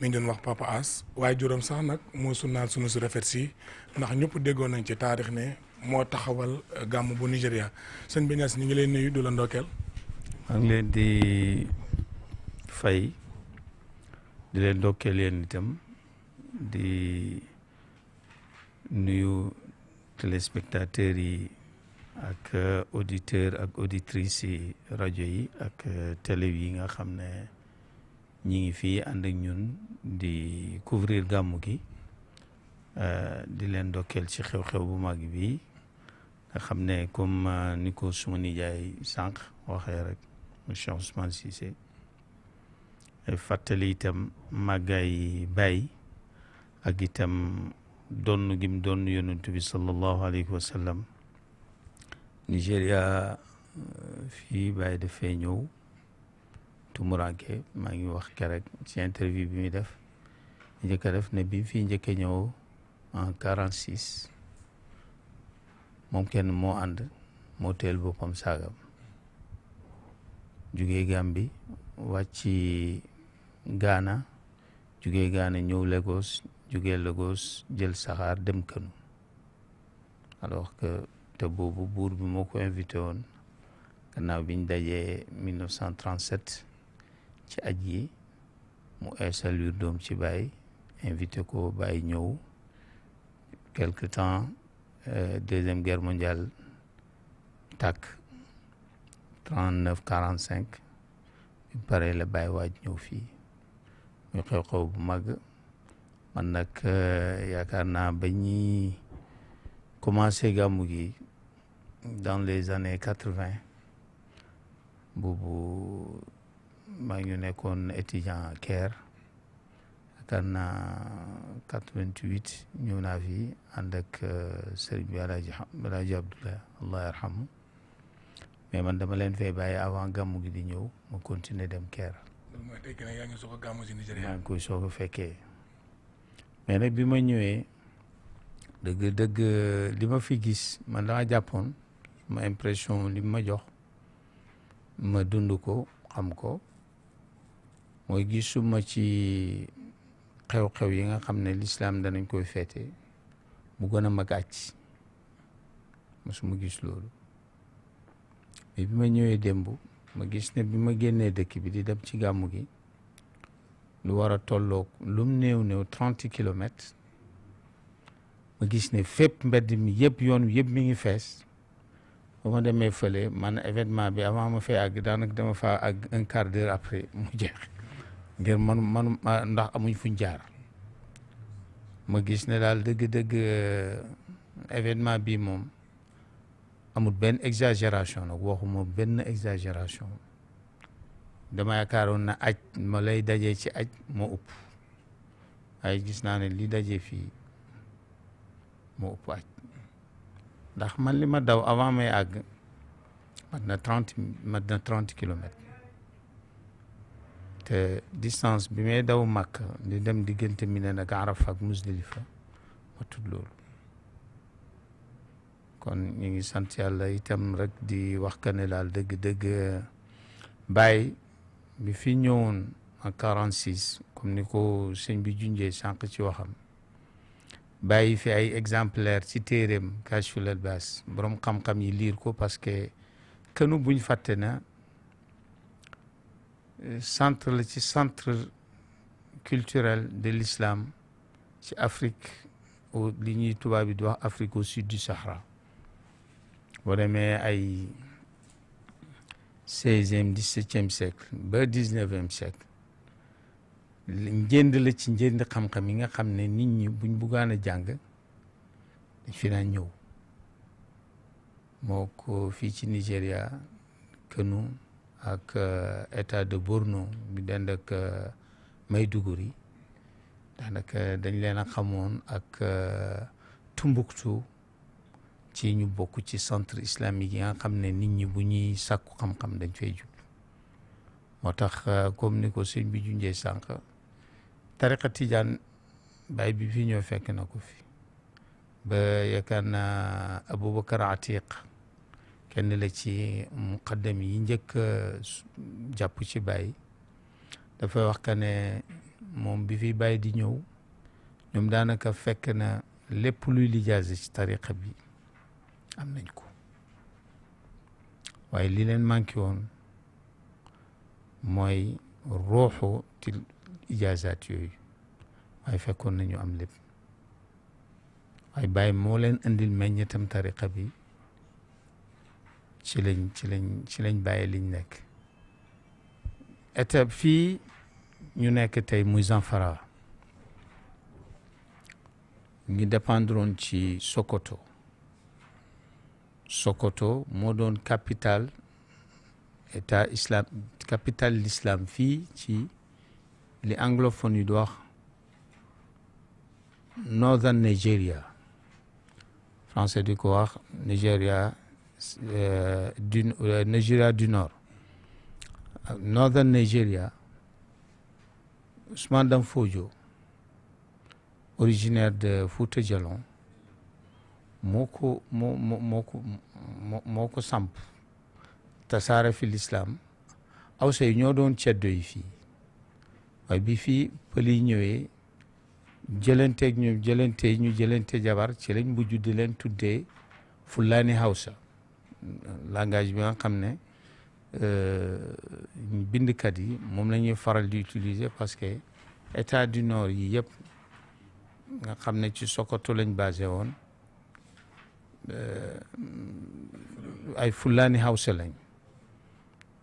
mi ngi wax papa As waaye juróom sax nag moo sunnaal sunu su rafet si ndax ñëpp déggoon nañ ci taarix ne moo taxawal euh, gamu bu Nigéria sëñ bi Niass ngi leen nuyu du la leen di fay di leen ndokkeel yéen itam di nuyu téléspectateurs yi ak euh, auditeurs ak auditrices yi rajo yi ak euh, télé yi nga xam ne ñi ngi fii ànd ak ñun di couvrir gàmmu gi euh, di leen dokkeel ci xew-xew bu mag bi nga xam ne comme euh, ni ko suma nijaay sànq waxee rek monsieur Ousmane Cissé euh, fàttali itam màggaay Baay ak itam donn gim donn yonent bi sallallahu alayhi wa sallam Nigéria Baay dafay ñëw tumuranke maa ngi wax kerek ci interview bi muy def njëkk def ne bi fii njëkk a ñëw en quarante six moom kenn moo ànd moo jugee Gambi wàcci Ghana jugee Ghana ñëw Lagos jugee Lagos jël saxaar dem Kanu alors que te boobu buur bi moo invité woon gannaaw biñ 1937 ci aji mu insalir doom ci bay invité ko bay ñew quelque temps euh, deuxième guerre mondiale tac 39 45 Pareil, le bay waj ñew fi muy xew xew bu mag man nak euh, yaakar na bañi commencé gamu gi dans les années 80 bubu maa ngi nekkoon étudiant Caire yaakaar naa quatre vingt huit ñëw naa fi ànd ak euh, sëriñ Alaaji Alaaji allah yarhamu mais man dama leen fay bàyyi avant gàmmu gi di ñëw ma continuer dem Caire. mooy tey gën a yaa ngi soog a si Nigéria. maa koy soog a fekkee mais nag bi ma ñëwee dëgg dëgg li ma fi gis man dama jàppoon ma impression li ma jox ma dund ko xam ko. mooy gis gisuma ci xew-xew yi nga xam ne lislaam danañ koy feete bu gën a mag su ma gis loolu mais bi ma ñëwee démb ma gis ne bi ma génnee dëkk bi di dem ci gàmmu gi lu war a tolloog lum néew néew trente kilomètres ma gis ne fépp mbedd mi yëpp yoon wi yëpp mi ngi fees ba ma demee fële man événement bi avant ma fay àgg daanaka dama faa àgg un quart d'heure mu jeex ngir man man ndax amuñ fuñ jaar ma gis ne daal dëgg-dëgg euh, événement bii moom amul benn exageration nag waxuma benn exageration dama yaakaaroon na aj ma lay dajee ci aj moo ëpp gis naa ne li dajee fii moo aj ndax man li ma daw avant may àgg mat na trente mat na trente kilomètres te distance bi may daw màkk di dem diggante Mina ak Arafa ak Musdalifa matut loolu kon ñu ngi sant yàlla itam rek di wax ka ne daal dëgg-dëgg Baay bi fi ñëwoon en quarante six comme ni ko sëñ bi junjee sànq ci waxam bàyyi fi ay exemplaire ci téeréem Kashful Albas borom xam-xam yi liir ko parce que kënu buñ fàtte na centre le centre culturel de l'islam ci Afrique au li ñuy tubaab bi di wax Afrique au sud du Sahara boo demee ay 16e 17 e siècle ba 19 e siècle njënd la ci njënd xam-xam yi nga xam ne nit ñi buñ buggaan jang dañ fi na ñëw moko ko ci Nigeria que nous ak euh, état de Borno bi dend ak euh, Maiduguri daanaka dañ leen a xamoon ak euh, Tumbuktu ci ñu bokk ci centre islamique yi nga xam ne nit ñi bu ñuy sàkku xam-xam dañ fay jub moo tax comme ni ko sëñ bi junjee sànq tariqa tijaan bi fi ñoo fekk na ko fi ba yaakaar naa Aboubacar Atiq kenn la ci muqaddam yi njëkk jàpp ci Baye dafay wax que ne moom bi fi Baye di ñëw ñoom daanaka fekk na lépp luy lijaase ci tariqa bi am nañ ko waaye li leen manqué woon mooy ruuxu ci ijaazaat yooyu waaye fekkoon nañu am lépp waaye Baye moo leen indil meññetam tariqa bi ci lañ ci lañ ci lañ bàyyi liñ nekk étape fii ñu nekk tey muy Zamfara ñu dépendron ci Sokoto Sokoto moo doon capitale état islam capitale l'islam fii ci li anglophone yi di Northern Nigeria français di ko wax Nigeria euh, du euh, Nigeria du Nord, Northern Nigeria, Ousmane Danfojo, originaire de foute Djalon, Moko Moko Moko, samp Tassara fil Islam awsa yi ñoo doon ceddo yi fii bi fii pël yi ñëwee jëlanteeg ñu jëlante ñu jëlante jabar ci lañ langage bi nga xam de cadi. Euh, yi moom faral di utiliser parce que état du nord y a nga xam ne ci Sokoto lañ basé woon euh, ay Fulani Hausa lañ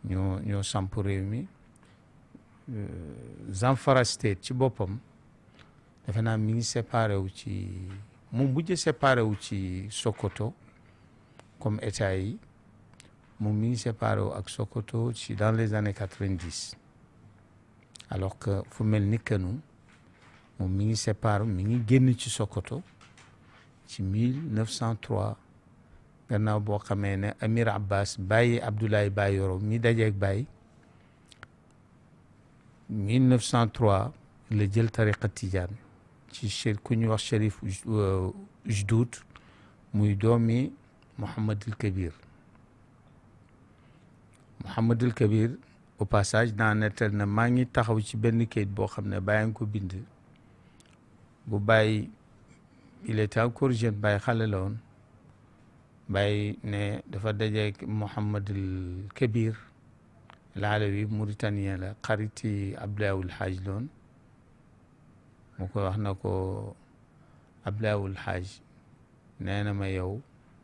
ñoo ñoo samp réew mi euh, Zamfara state ci boppam defe naa mi ngi séparé wu ci moom bu séparé wu ci Sokoto comme Etaï, mon séparo avec Sokoto, dans les années 90. Alors que vous m'avez que mon ministère à Paro, mon ministre Sokoto, en 1903, Bernard on Amir Abbas, Baye Abdoulaye Bayoro, Midayek Baye, 1903, le Delta Tariq Tidjan, c'est le Kounioua Sherif Jdout, Mouidomi, محمد الكبير Kabir الكبير Kabir au passage dans nettal na maa ngi taxaw ci ben keet bo xamne ne ko bind bu bàyyi il était encore jeune bàyyi xale la woon bàyyi ne dafa dajé Mohamed El Kabir Alawi mauritanien la xariti Abdoulaye Alhaaj la woon mu koy wax na ko Abdoulaye Alhaaj ma yow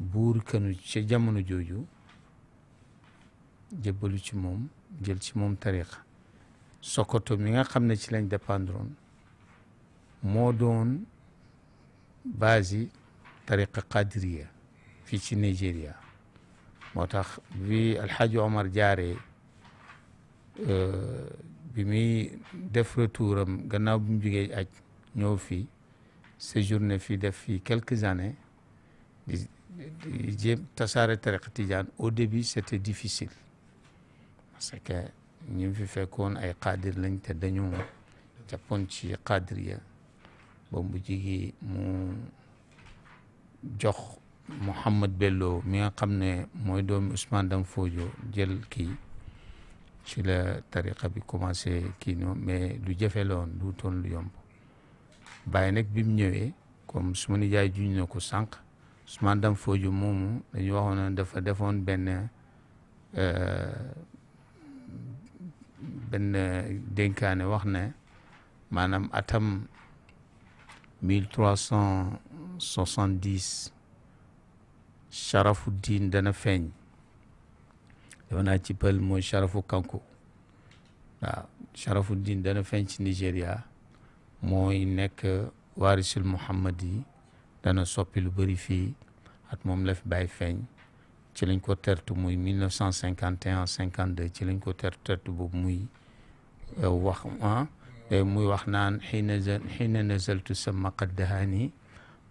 بور كانوا شجمنا جوجو جبلو شموم جل شموم طريقة سكوتو مينا خمنا شلين دباندرون مودون بازي طريقة قادرية في نيجيريا موتاخ بي الحاج عمر جاري بمي دف رتورم غناو بمجيجي اج نيو في سجورنا في دف في كالكز jéem tasaare tariqa tijaan au début c'était difficile parce que ñu fi fekkoon ay xaadir lañ te dañu jàppoon ci xaadir ya ba mu jigi mu jox Mouhamed Bello mi nga xam ne mooy doomi Ousmane Dam Fodio jël kii ci la tariqa bi commencé kii noonu mais lu jafe la woon lu toon lu yomb bàyyi nag bi mu ñëwee comme su ma nijaay juñ na ko sànq Ousmane Dam fooju moomu dañu waxoon dafa defoon benn euh, benn dénkaane wax ne maanaam atam mille trois cent soixante dix Charafuddin dana feeñ dafa naa ci pël mooy Charafu Kanko waaw Charafuddin dana feeñ ci Nigéria mooy nekk waarisul Muhammad dana soppi lu bari fi at mom la fi bàyyi feeñ ci lañ ko tertu muy 1951 52 ci lañ ko tertu bu muy wax ah muy wax naan xiina xiina nazaltu sama qad dahaani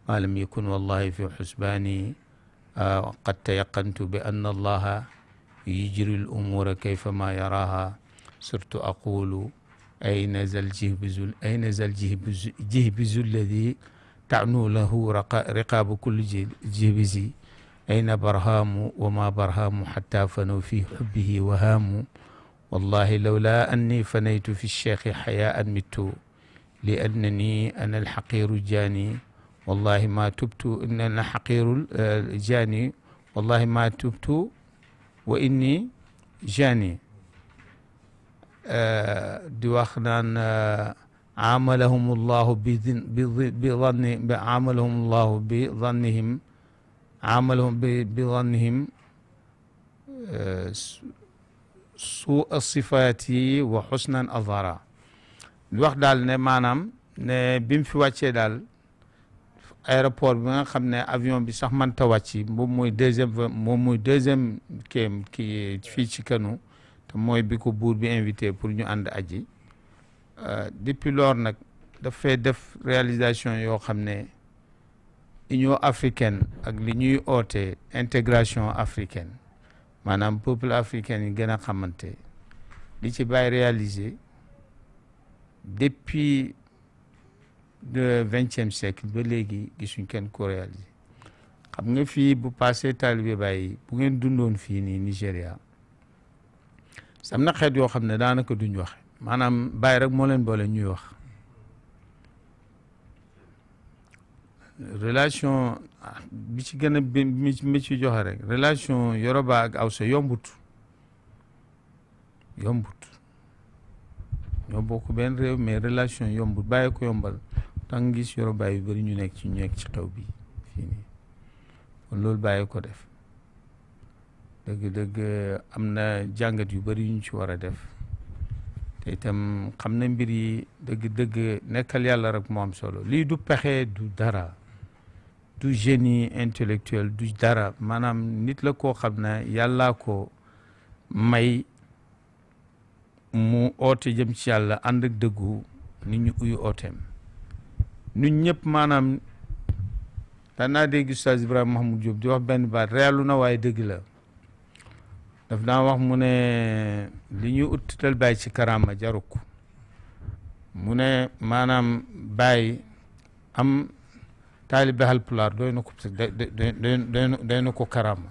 maa lam yakun wallahi fi xusbaani qad tayaqantu bi anna allaha yujri al umura kayfa ma yaraha surtu aqulu ayna zal jihbizu ayna تعنو له رقاب كل جبزي أين برهام وما برهام حتى فنوا في حبه وهام والله لولا أني فنيت في الشيخ حياء مت لأنني أنا الحقير الجاني والله ما تبت إن أنا حقير الجاني آه، والله ما تبت وإني جاني دواخنا أه عاملهم الله بظن عاملهم الله بظنهم عاملهم بظنهم آه، سوء الصفات وحسن الظرا الوقت دال ني مانام ني في واتي دال ايروبور بيغا خامني افيون بي صاح مانتا واتي موم موي دوزيام موم موي كي في تشيكانو تا موي بور بي انفيتي بور اجي Euh, depuis lors da fait def réalisation yo xamné union africaine ak li ñuy oté intégration africaine manam peuple africain yi gën a li ci bay réalisé depuis le 20e siècle ba légui gisun ken ko réalisé xam nga fi bu passé talibé bay bu ngeen dundoon fi ni nigeria samna na yo xamné xam duñ waxe maanaam bàyyi rek moo leen boole ñuy wax relation ah, bi ci gën a bi mi ci joxe rek relation Yoruba aw Awsa yombut yombut ñoo bokk benn réew mais relation yombut bàyyi ko yombal tax nga gis Yoruba yu bari ñu nekk ci ñu nekk ci xew bi fii nii kon loolu bàyyi ko def dëgg-dëgg am na jàngat yu bari yu ñu ci war a def te itam xam na mbir yi dëgg-dëgg nekkal yàlla rek moo am solo lii du pexe du dara du geni intellectuel du dara maanaam nit la koo xam na yàlla ko may mu oote jëm ci yàlla ànd ak dëggu nit ñu uyu ooteem ñun ñëpp maanaam danaa dégg Oustaz Ibrahima Mahmoud Diop di wax benn baat reelu na waaye dëgg la daf daa wax mu ne li ñu ñuy uttital bàyyi ci karaama jaruk mu ne maanaam bàyyi am taalibe Haalpulaar doy na ko doy na ko karaama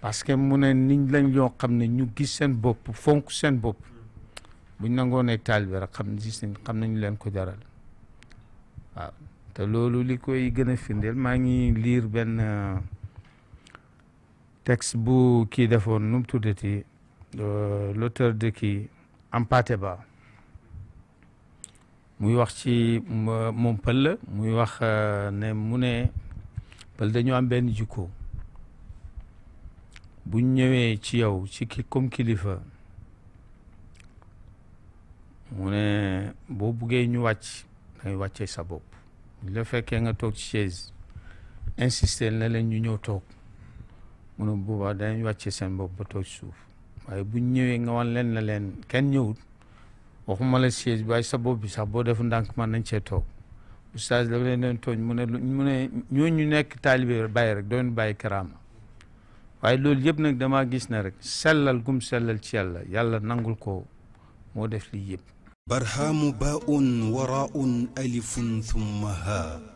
parce que mu ne nit lañ ñoo xam ne ñu gis seen bopp fonk seen bopp buñ nangoo nekk taalibe rek xam gis xam nañu leen ko jaral waaw te loolu li koy gën a findeel maa ngi liir benn texte bu kii defoon nu mu euh, l'auteur de kii ampateba muy wax ci moom muy wax euh, ne mune ne dañu am ben jikko bu ñëwé ci yow ci comme kilifa mu bo boo ñu wacc dangay waccé sa bop le fekkee nga tok ci chaise insister na leen ñu ñëw tok mu ne boobaa danañ wàcce seen bopp ba toog suuf waaye buñ ñëwee nga wan leen na leen kenn ñëwut waxuma la siège bi waaye sa bopp bi sax boo def ndànk man nañ cee toog oustaz dafa leen doon tooñ mu ne mu ne ñooñu nekk taalibe bàyyi rek doon bàyyi karaama waaye loolu yëpp nag damaa gis ne rek sellal gum sellal ci yàlla yàlla nangul ko moo def lii yëpp barhaamu baaun waraun alifun thumma haa